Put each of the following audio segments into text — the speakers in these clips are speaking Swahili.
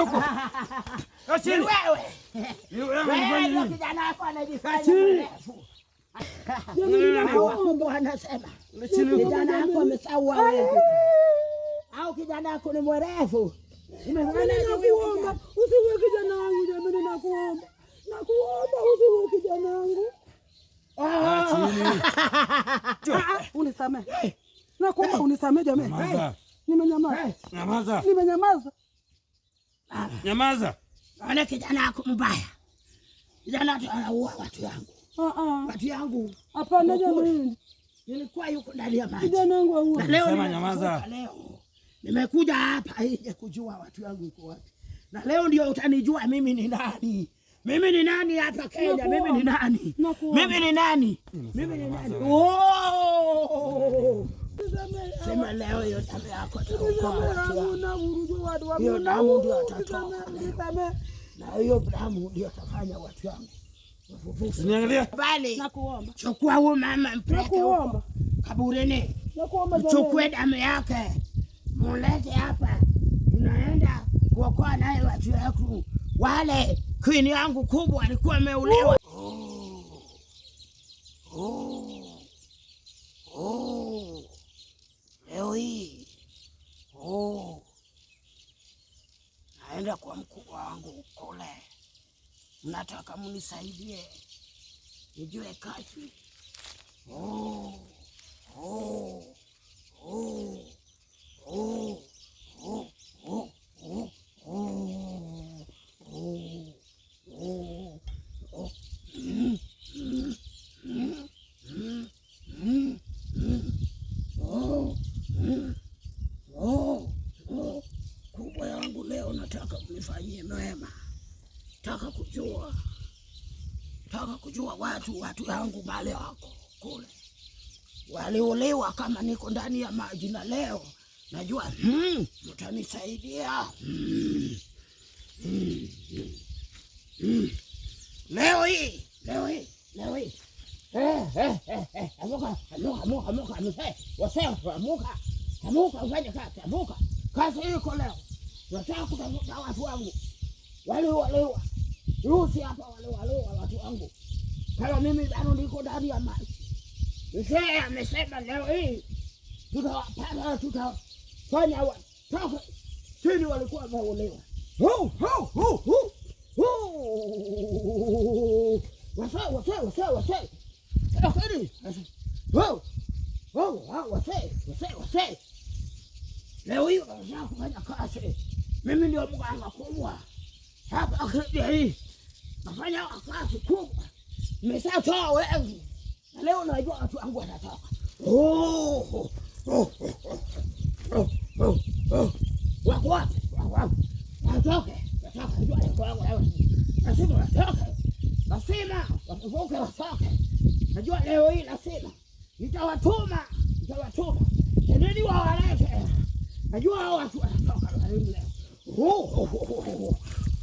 huko. Achini. Wewe. Ni wewe kijana wako anajifanya. Mungu yaani anasema kijana wako amesawa wewe. Au kijana wako ni mwerevu. Yaani nakuomba usiwe kijana wangu jamani, nakuomba, nakuomba usiwe kijana wangu. Ah, ah, ah. Unisamehe, nakuomba unisamehe jamani, nimenyamaza, nimenyamaza Nyamaza. Ana kijana yako mbaya. Kijana anaua watu wangu. Ah ah. Watu yangu. Hapana jamani. Nilikuwa yuko ndani ya maji. Kijana wangu aua. Leo sema nyamaza. Leo. Nimekuja hapa ili kujua watu wangu uko wapi. Na leo ndio utanijua mimi ni nani. Mimi ni nani hapa Kenya? Mimi ni nani? Mimi ni nani? Mimi ni nani? Oh! Sema leo hiyo damu yako itaokoa watu wangu. Hiyo damu ndio atatoa na hiyo damu ndio atafanya watu wangu chukua huyu mama mpeleke huko kaburini, chukue damu yake mulete hapa, unaenda kuokoa naye watu wako wale. Kwini yangu kubwa alikuwa ameulewa. nenda kwa mkubwa wangu kule, mnataka mnisaidie nijue kazi oh, oh. Taka kujua, taka kujua watu watu yangu wale wako kule waliolewa kama niko ndani ya maji na leo najua hmm, mtanisaidia. hmm. hmm. hmm. hmm. leo hii leo hii leo hii eh, eh, eh, amuka amuka amuka amuka amuka amuka ufanye kazi amuka kazi iko leo nataka kutafuta watu wangu walewa lewa hapa, walewa lewa watu wangu, kama mimi bado niko ndani ya maji. Mzee amesema leo hii tutawapata, tutafanya watoke chini, walikuwa wameolewa leo hii wanataka kufanya kazi. Mimi ndio mganga kubwa hapa kijiji nafanya kazi kubwa, nimeshatoa wengi na leo najua watu wangu watatoka. wako wapi? Watoke, lazima watoke, lazima wavuke, watoke. Najua leo hii lazima nitawatuma, nitawatuma endeni wawalete. Najua hao watu wanatoka leo.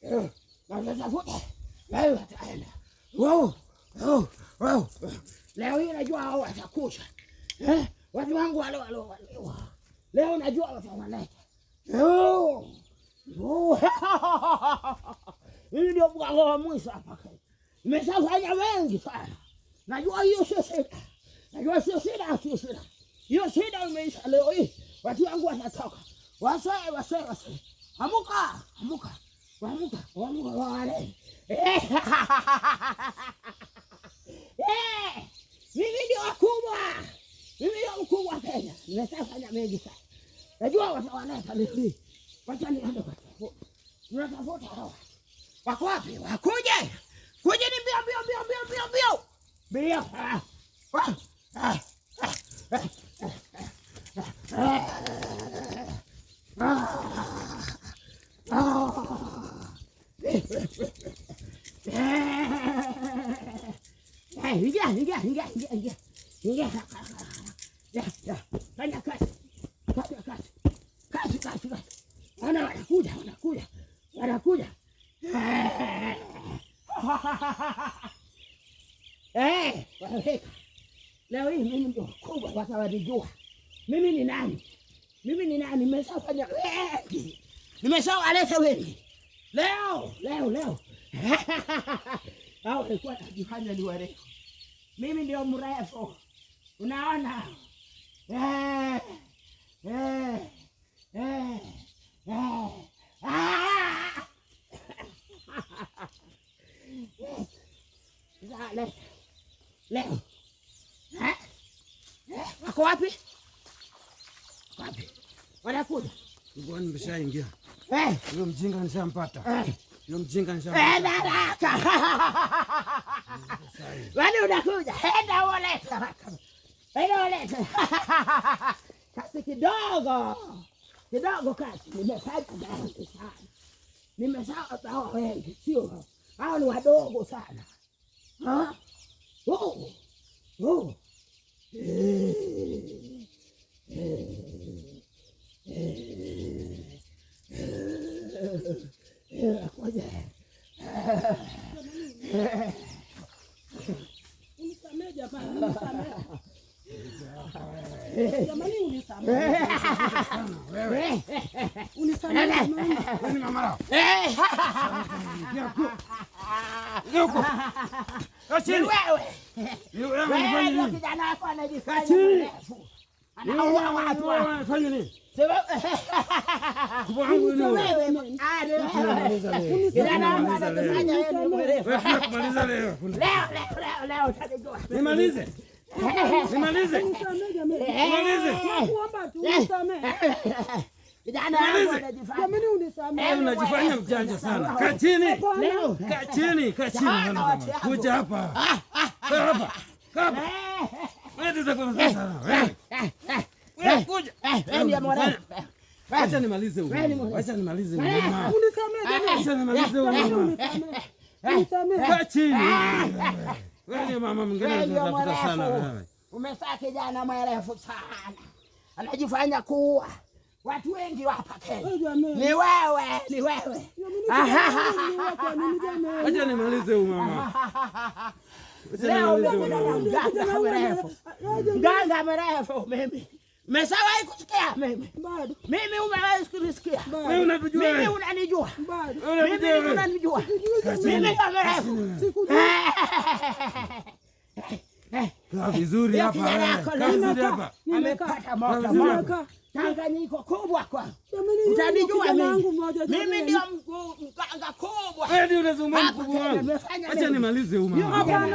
Tafuta ataenda. Leo hii najua hao watakuja. Watu wangu wale waliouawa leo najua watawaleta. Hii ndio mpango wa mwisho hapa. Nimeshafanya wengi sana, najua hiyo sio shida, najua sio shida, sio shida. Hiyo shida imeisha leo hii, watu wangu watatoka. Wasee, wasee, wasee, amuka, amuka wamuka wamuka wale mimi ndio wakubwa, mimi ndio mkubwa Kenya. Nimeshafanya mengi sana, najua watawanata mimi, wacha hawa wako wapi? Wakuje kuje ni mbio mbio mbio mbio mbio mbio mbio mbio Anakuja, anakuja, anakuja. Eh, waweka. Leo hii mimi ndio kubwa, watawalijua mimi ni nani, mimi ni nani, nimeshafanya wengi, nimeshawaleta wengi. leo leo leo au alikuwa anajifanya ni warefu, mimi ndio mrefu, unaona eh, eh, eh, ah! Ah, leo leo eh? Eh? wako wapi? wapi? Wanakuja, nimeshaingia Eh. Huyo mjinga nishampata. Eh. Huyo mjinga nishampata. Wani eh, unakuja. Henda uleta. Henda uleta. Kasi kidogo. Kidogo kasi. Nimepata mengi sana. Nimesapata wengi. Sio. Hao ni wadogo sana. Ha? Oh. Oh. Eh. Eh. Eh kijana wako anajifanya anafanya nini? Nimalize. Unajifanya mjanja sana. Kaa chini. Kaa Kuja hapa. Kaa hapa. Kaa hapa. Wewe kuja. nimalize huyu. Eh, eh, eh, Acha nimalize huyu. Unisamehe. Acha nimalize huyu. Unisamehe. Kwa chini. Wewe mama mwingine unatafuta sana wewe. Umesaa kijana mwerefu sana. Anajifanya kuwa watu wengi hapa Kenya. Ni wewe, ni wewe. Acha nimalize huyu mama. Leo mimi mganga mrefu. Mganga mrefu mimi. Meshawahi kusikia mimi? Bado. Mimi umewahi kunisikia? Wewe unavijua Mimi unanijua. Bado. Mimi unanijua. Mimi ah, kama Kaa vizuri hapa. Kaa vizuri hapa. Amepata moto moto. Tanganyiko kubwa kwa. Utanijua mimi. Mimi ndio mganga kubwa. Wewe ndio unazungumza mkubwa wangu. Acha nimalize umma. Jamani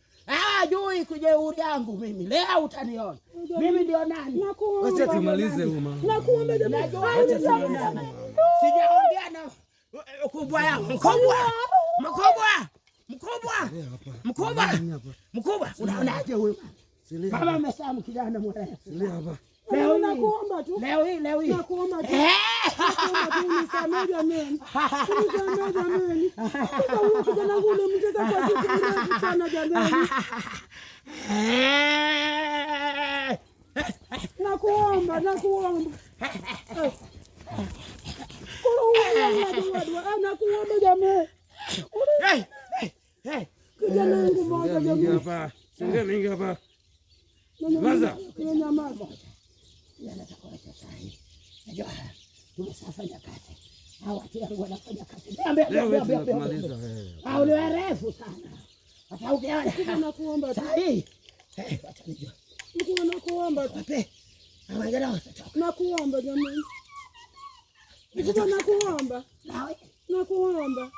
hawajui ah, kujeuri yangu mimi, leo utaniona mimi ndio nani. Acha tumalize huma, sijaongea na eh, kubwa yao mkubwa mkubwa mkubwa eh, mkubwa mkubwa. Unaonaje huyu mama? Mama kijana mwana leo hii nakuomba tu, leo hii leo hii nakuomba tu, unisamehe jamani, unisamehe jamani, kama kijana wangu nimtesa kwa siku sana jamani, eh. nakuomba nakuomba ah, nakuomba jamani, eh, eh, kijana wangu mmoja jamani, singia mingi hapa, nyamaza nyamaza kila natakuwa chotani. Najua ah, tumesafanya kazi. Hao watu wangu wanafanya kazi. Eh, eh. Hao ni warefu sana. Hata ukiona nakuomba tu. Eh, acha nijua. Nikuwa nakuomba tu. Wape. Hawajarao sasa. Nakuomba jamani. Nikuwa nakuomba. Nawe. Nakuomba.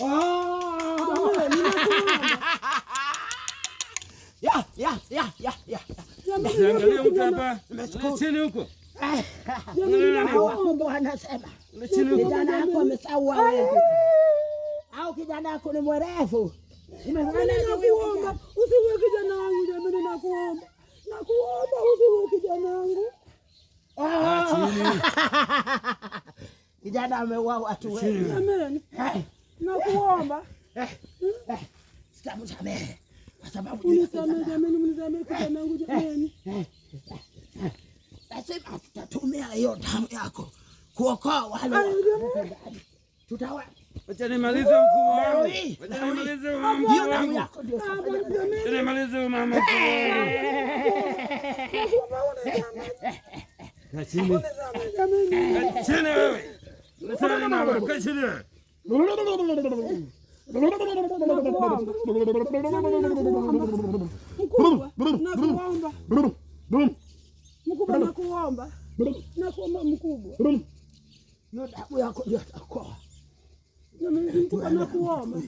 Oh! Jamani, Ya, ya, ya, ya, ya. Usiangalie mtu hapa. Chini yaani huko. Wanasema kijana wako amesaua wewe, au kijana wako ni mwerevu. Nakuomba usiue kijana wangu, jamani, nakuomba, nakuomba usiue kijana wangu. Ah! Kijana ameua watu wengi, nakuomba sitamsamehe kwa sababu unisamee jamani, eh, eh, eh. Nasema tutatumia hiyo damu yako kuokoa wale tutawa Wacha nimalize mkuu wangu. Wacha nimalize mama. Hiyo damu nimalize mama. Kachini. Kachini wewe. Kachini mama. Mkubwa, nakuomba nakuomba mkubwa, yo yako ndio takoa, nakuomba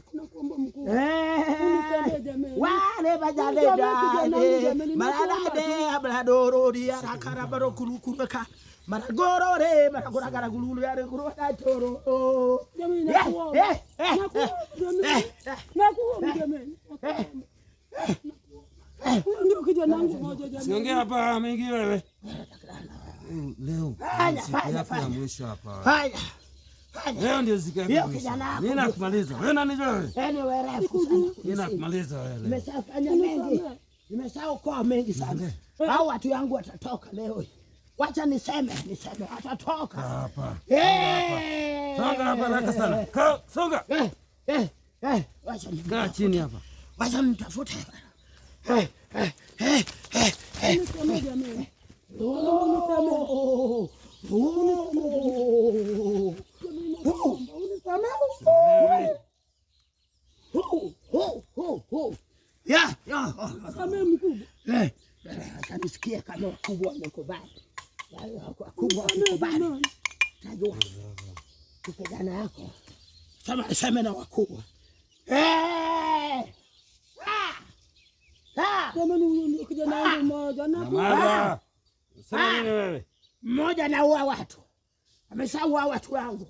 jade dade mara dade abla doro dia rakara baro kulu kuraka mara goro re mara gora gara gululu yare kuru da toro o jamina eh, ko eh eh eh na ko jamina siongea hapa mengi wewe leo siku mwisho hapa haya Leo ndio zikaanza. Leo kijana wako. Mimi nakumaliza. Wewe unanijua wewe? Yaani wewe refu sana. Mimi nakumaliza wewe. Nimeshafanya mengi. Nimesahau kwa mengi sana. Hao watu yangu watatoka leo. Wacha niseme, niseme atatoka. Hapa. Eh. Songa hapa haraka sana. Songa. Eh. Eh. Eh. Wacha ni. Kaa chini hapa. Wacha mtafute. Eh. Eh. Eh. Eh. Eh. Oh. Oh. Oh atanisikia kama wakubwa wamekubali, yaani wakubwa wamekubali, tajua kupigana yako sema sema na wakubwa ah. Ah. Ah. mmoja watu Amesahau watu wangu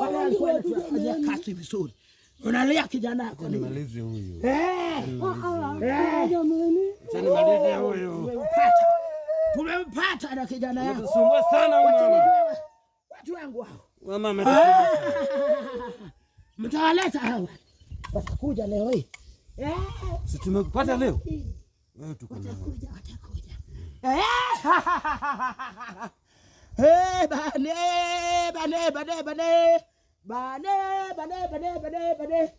wale wale kazi vizuri. Unalia kijana yako ni malizi huyu. Tumempata na kijana yako. Unasumbua sana huyu mama. Watu wangu hao. Mama ametusumbua. Mtawaleta hawa. Watakuja leo hii. Eh. Si tumekupata leo? Wewe tuko na. Watakuja watakuja. Eh. Hey, eh, bane, bane, bane, bane. Bane, bane,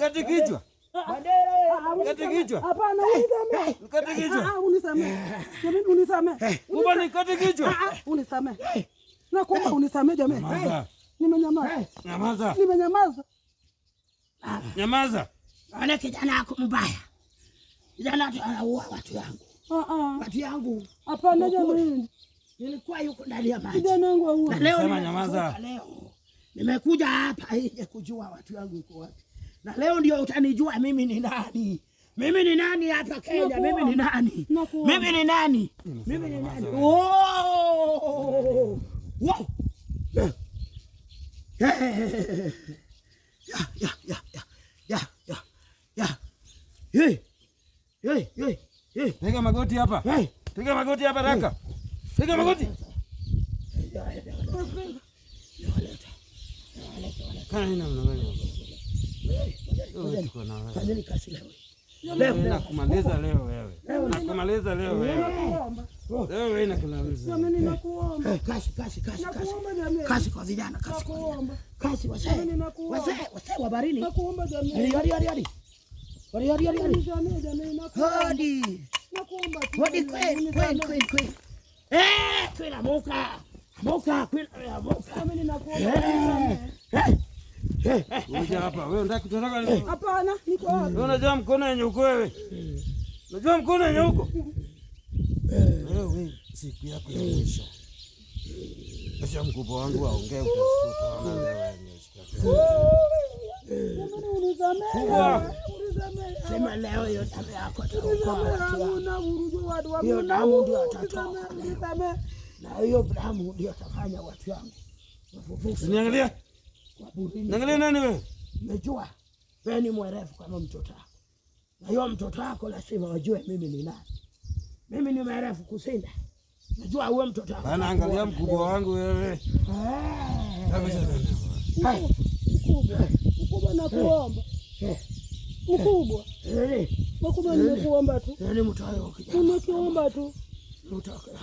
Kati kichwa. Ah, ah, kati kichwa. Hapana, unisamee. Kati ah, kichwa. Ah, unisamee. Jamani, unisamee. Kuba ni kati kichwa. Ah, unisamee. Na kuba unisamee jamani. Nimenyamaza. Nyamaza. Nimenyamaza. Nyamaza. Ana kijana ako mbaya. Kijana anaua watu yangu. Ah ah. Watu yangu. Hapana jamani nilikuwa yuko ndani ya maji. Kijana wangu Leo nyamaza, leo nimekuja hapa ije kujua watu wangu uko wapi, na leo ndio utanijua mimi ni nani. Mimi ni nani hapa Kenya? Mimi ni nani? Mimi ni nani? Mimi ni nani? Oh! Wow! Ya, ya, ya, ya. Ya, ya. Ya. Hey. Hey, hey, hey. Piga magoti hapa. Hey! Piga magoti hapa raka. Piga magoti. Nakumaliza leo wewe. Nakumaliza leo wewe. Leo wewe nakumaliza. Nakuomba. Eh, kasi kasi kasi kasi. Kasi kwa vijana kasi. Kasi wazee. Wazee wazee wa barini. Nakuomba jamii. Hadi hadi hadi. Hadi hadi hadi. Hadi. Nakuomba. Hadi kweli kweli kweli kweli. Eh, kwela moka. Moka kwela moka. Mimi ninakuomba. Eh. Eh, eh. eh, eh. unajua mkono yenye uko wewe. Unajua mkono yenye uko. Wewe siku yako ya mwisho. Acha mkubwa wangu aongee utasuka. Sema leo hiyo damu yako itaokoa watu Hiyo damu ndio atatoa na hiyo damu ndio atafanya watu wangu Niangalia, niangalia nani wewe? Nimejua wewe ni mwerevu kama mtoto wako, na hiyo mtoto wako lazima wajue mimi ni nani. Mimi ni mwerevu kusinda, najua huyo mtoto wako. Bana, angalia mkubwa wangu wewe. Eh. Mkubwa, mkubwa eh. nakuomba eh mkubwa mkubwa, nimekuomba tu, nimekuomba tu,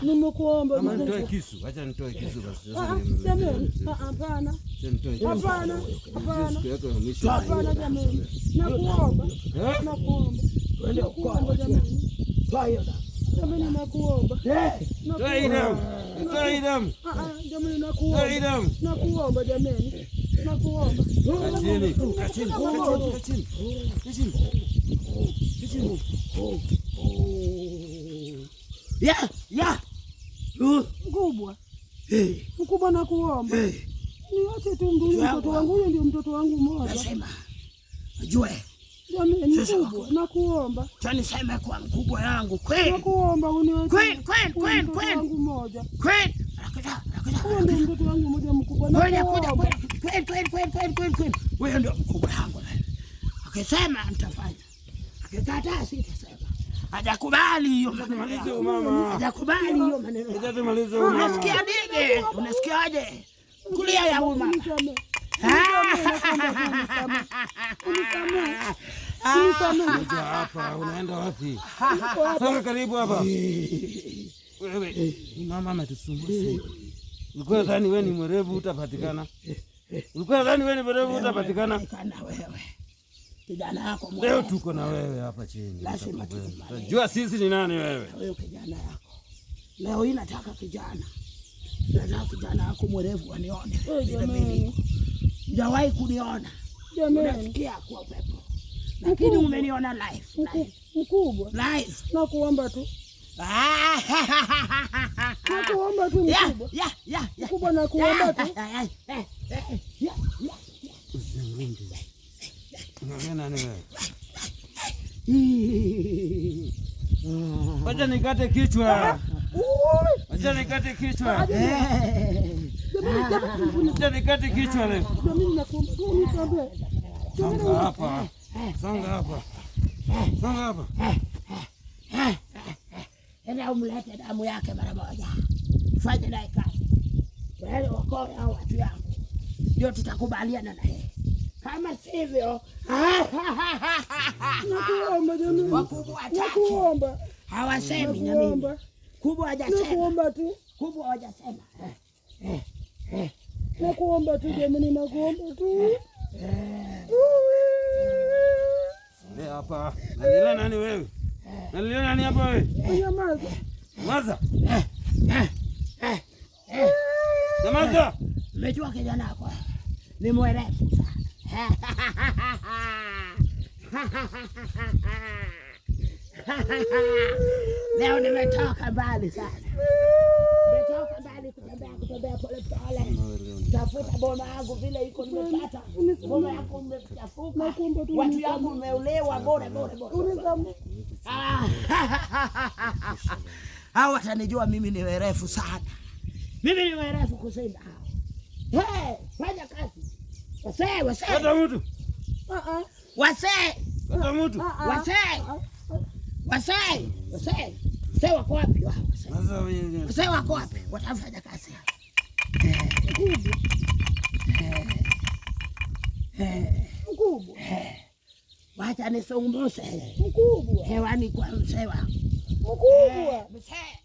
nimekuomba. Nitoe kisu, acha nitoe kisu basi. Ah, ah, jamani, ah, hapana, hapana, hapana jamani, nakuomba, nakuomba, nakuomba jamani, jamani, nakuomba, nakuomba, jamani, nakuomba, nakuomba jamani ya, ya. Mkubwa. Mkubwa nakuomba. Niache tu mduni mtoto wangu huyo ndio mtoto wangu mmoja. Nasema. Jue. Jamani mkubwa nakuomba. Tuniseme kwa mkubwa yangu kweli. Nakuomba uniache. Kweli, kweli, kweli, kweli. Mtoto wangu mmoja. Kweli. Huyo ndio mtoto wangu mmoja mkubwa. Ngoja kuja kweli twende twende twende twende twende twende, wewe ndio mkubwa wangu Akisema nitafanya, akikataa sitasema. Hajakubali hiyo maneno, hajakubali hiyo maneno. Unasikia nini? Unasikiaje? kulia ya umma hapa unaenda wapi? Sasa karibu hapa. Wewe mama ametusumbua sasa. Nikuwa dhani wewe ni mwerevu utapatikana. Ulikuwa nadhani wewe ndio utapatikana. Kijana yako leo tuko na wewe hapa chini. Lazima tukubali. sisi ni nani wewe? Wewe kijana yako. Leo hii nataka kijana. Nataka kijana yako mrefu anione. Bila mimi. Hujawahi kuniona. Jamani. Unasikia kwa pepo. Lakini umeniona live. Mkubwa. Live. Nakuomba tu. Nakuomba tu mkubwa. nakuomba tu. Wacha nikate kichwa. Wacha nikate kichwa. Wacha nikate kichwa leo. Songa hapa. Songa hapa. Songa hapa tena yaani umlete damu yake mara moja, fanye naye kazi. Wewe wakoe au watu yangu, ndio tutakubaliana naye. Kama sivyo, nakuomba jamani, wakubwa nakuomba, hawasemi na mimi kubwa, hajasema nakuomba tu, kubwa hajasema eh, eh, eh, nakuomba tu jamani, nakuomba tu hapa. Nani wewe? Nalio nani hapa wewe? Maza. Maza. Eh, eh, eh, Na Maza. Mejua kijana wako. Ni mwerevu Leo nimetoka mbali sana. Nimetoka mbali kutembea kutembea pole pole. Tafuta boma yangu vile iko nimepata. Boma yako umechafuka. Watu yangu umeulewa bora bora bora. Ah. Hao watanijua mimi ni werefu sana. Mimi ni werefu kushinda Hey, fanya kazi. Wasee, wasee. Kata mtu. Uh-uh. Wasee. Kata mtu. Uh-uh. Wasee. Uh-uh. Wasee. Wasee. Wasee wako wapi Wasee wako wapi? Watafanya kazi. Eh. Eh. eh wacha nisongose mkubwa hewani kwa msewa mkubwa eh,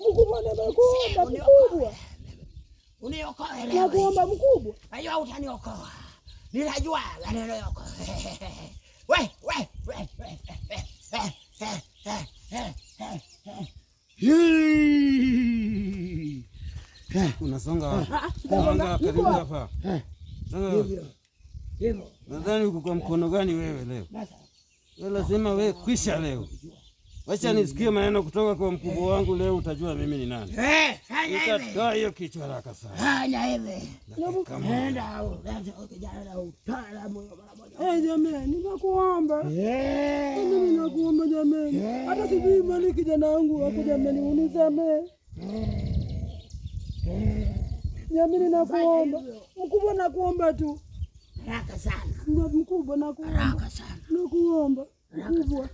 mkubwa nakuomba mkubwa, uniokoe mkubwa. Najua utaniokoa, ninajua maneno yako unasonga unasonga karibu hapa eh, sasa Nadhani uko kwa mkono gani wewe leo? Wewe lazima wewe kwisha leo. Wacha nisikie maneno kutoka kwa mkubwa wangu leo utajua mimi ni nani. Eh, fanya hivi. Utatoa hiyo kichwa haraka sana. Fanya hivi. Nenda au kijana na utala moyo mara moja. Eh, jamani, ninakuomba. Eh. Mimi ninakuomba jamani. Hata sijui mali kijana wangu hapo jamani unisamee. Eh. Jamani, nakuomba. Mkubwa nakuomba tu. Haraka sana. Mkubwa na kuomba. Haraka sana. Na kuomba. Mkubwa.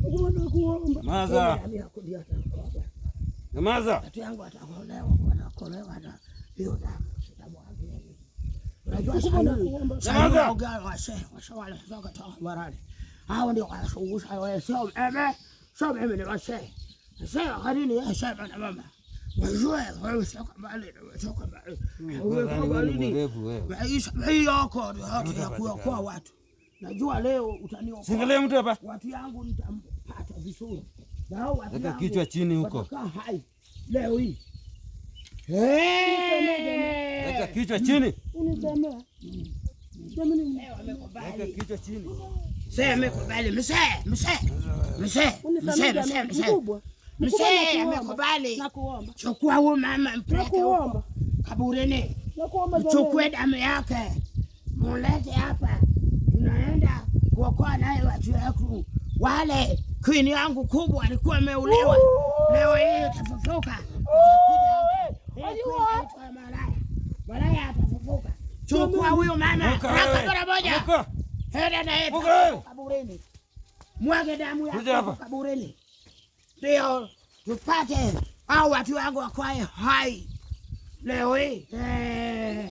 Mkubwa na kuomba. Maza. Nyamaza. Watu yangu watakolewa, wanakolewa na hiyo damu. Hao ndio wanashughulisha wao sio mimi. Sio mimi ni washe. Sio harini ya mama maisha watu. Najua leo utaniokoa. Singalie mtu hapa. Watu yangu nitampata vizuri. Na watu yangu. Kichwa chini huko. Hai. Leo hii. Weka kichwa chini. Unisemea. Weka kichwa chini. Sema kubali. Msee, msee. Msee. Msee, msee, msee mzee amekubali. Chukua huyu mama mpeleke huko kaburini, chukue damu yake mulete hapa, tunaenda kuokoa naye watu wetu wale. Kwini yangu kubwa alikuwa ameuliwa, leo hii itafufuka. Malaya atafufuka. Chukua huyu mama raka mara moja, henda naye kaburini, mwage damu yake kaburini ndio tupate au watu wangu wakwae hai leo hii. Eh.